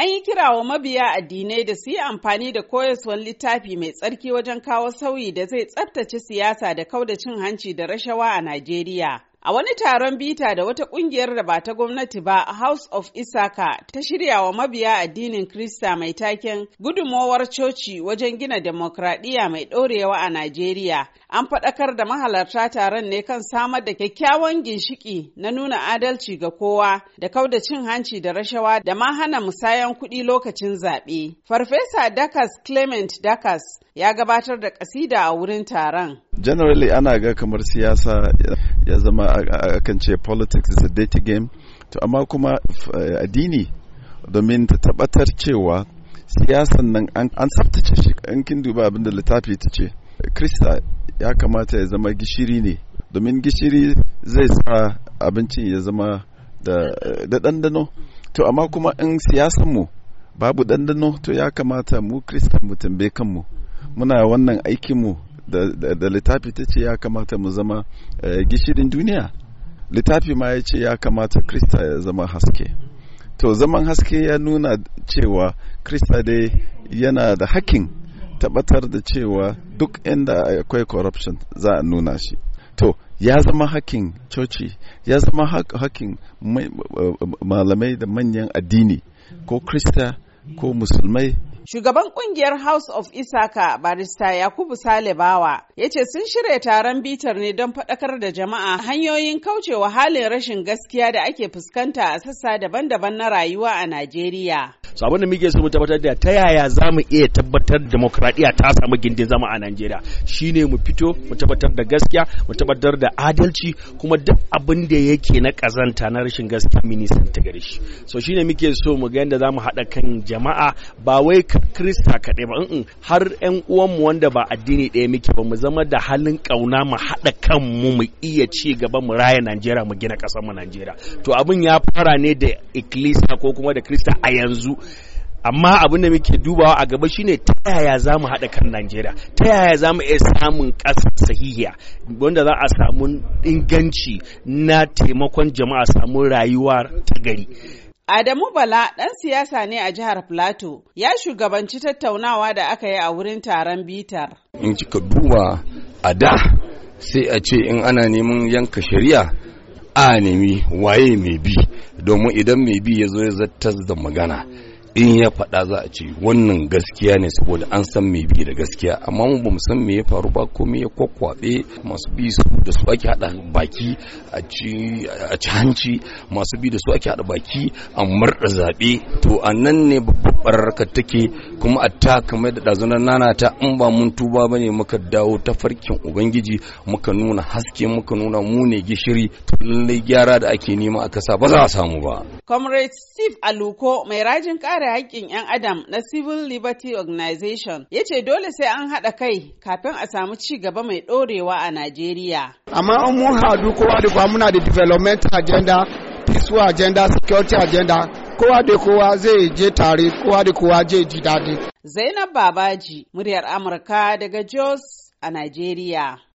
An yi kira wa mabiya addinai da su yi amfani da koyaswan littafi mai tsarki wajen kawo sauyi da zai tsabtace siyasa da kauda cin hanci da rashawa a Najeriya. A wani taron bita da wata kungiyar da ba ta gwamnati ba House of Isaka ta shirya wa mabiya addinin Krista mai taken gudunmowar coci wajen gina demokradiyya mai ɗorewa a Najeriya. An faɗakar da mahalarta taron ne kan samar da kyakkyawan ginshiki na nuna adalci ga kowa da kauda cin hanci da rashawa da ma hana musayan kuɗi lokacin zaɓe. Farfesa Dakas Clement Dakas ya gabatar da kasida a wurin taron. Generally ana ga kamar siyasa ya zama akan ce politics is a dirty game to amma kuma addini domin ta tabbatar cewa siyasan nan an tsaftace shi an kin duba abin da littafi ta ce krista ya kamata ya zama gishiri ne domin gishiri zai sa abincin ya zama da dandano to amma kuma in siyasanmu babu dandano to ya kamata mu krista mu tambaye kanmu muna wannan aikinmu da littafi ta ce ya kamata mu zama eh, gishirin duniya littafi ma ya ce ya kamata krista ya zama haske to zaman haske ya nuna cewa krista dai yana da hakkin tabbatar da cewa duk inda akwai corruption za a nuna shi to ya zama hakkin coci ya zama hakkin eh, malamai da manyan addini ko krista ko musulmai Shugaban kungiyar House of Isaka barista Yakubu Salibawa ya ce sun shirya taron bitar ne don faɗakar da jama'a hanyoyin kaucewa halin rashin gaskiya da ake fuskanta a sassa daban-daban na rayuwa a Najeriya. so abin da muke so mu tabbatar da ta yaya za mu iya tabbatar demokradiyya ta samu gindin zama a Najeriya shine mu fito mu tabbatar da gaskiya mu tabbatar da adalci kuma duk abin da yake na kazanta na rashin gaskiya ministan ta gare shi so shine muke so mu ga yadda za mu haɗa kan jama'a ba wai krista kaɗai ba har 'yan uwanmu wanda ba addini ɗaya muke ba mu zama da halin kauna mu haɗa kanmu mu iya ci gaba mu raya Najeriya mu gina ƙasar mu Najeriya to abin ya fara ne da ikilisa ko kuma da krista a yanzu amma abin da muke dubawa a gaba shine ta yaya za mu haɗa kan najeriya ta yaya za mu iya samun ƙasa sahihiya wanda za a samu inganci na taimakon jama'a samun rayuwa ta gari Adamu Bala ɗan siyasa ne a jihar Plateau ya shugabanci tattaunawa da aka yi a wurin taron bitar. In cika duba a da sai a ce in ana neman yanka shari'a a nemi waye mai bi domin idan mai bi ya zo ya zartar da magana. in ya faɗa za a ce wannan gaskiya ne saboda an san mai bi da gaskiya amma mu bamu san me ya faru ba ko me ya kwakwabe masu bi da su ake hada baki a ci hanci masu bi da su ake hada baki a murɗa zaɓe to a nan ne babbar ka take kuma a ta kamar da ɗazunan nana ta in ba mun tuba ba ne muka dawo ta farkin ubangiji muka nuna haske muka nuna mu ne gishiri to lallai gyara da ake nema a kasa ba za a samu ba. comrade steve aluko mai rajin kare kare haƙƙin 'yan adam na Civil Liberty Organization ya ce dole sai an haɗa kai kafin a samu ci gaba mai ɗorewa a Najeriya. Amma an mun haɗu kowa da kowa muna da development agenda, peace agenda, security agenda, kowa da kowa zai je tare, kowa da kowa zai ji daɗi. Zainab Babaji, muryar Amurka daga Jos a Najeriya.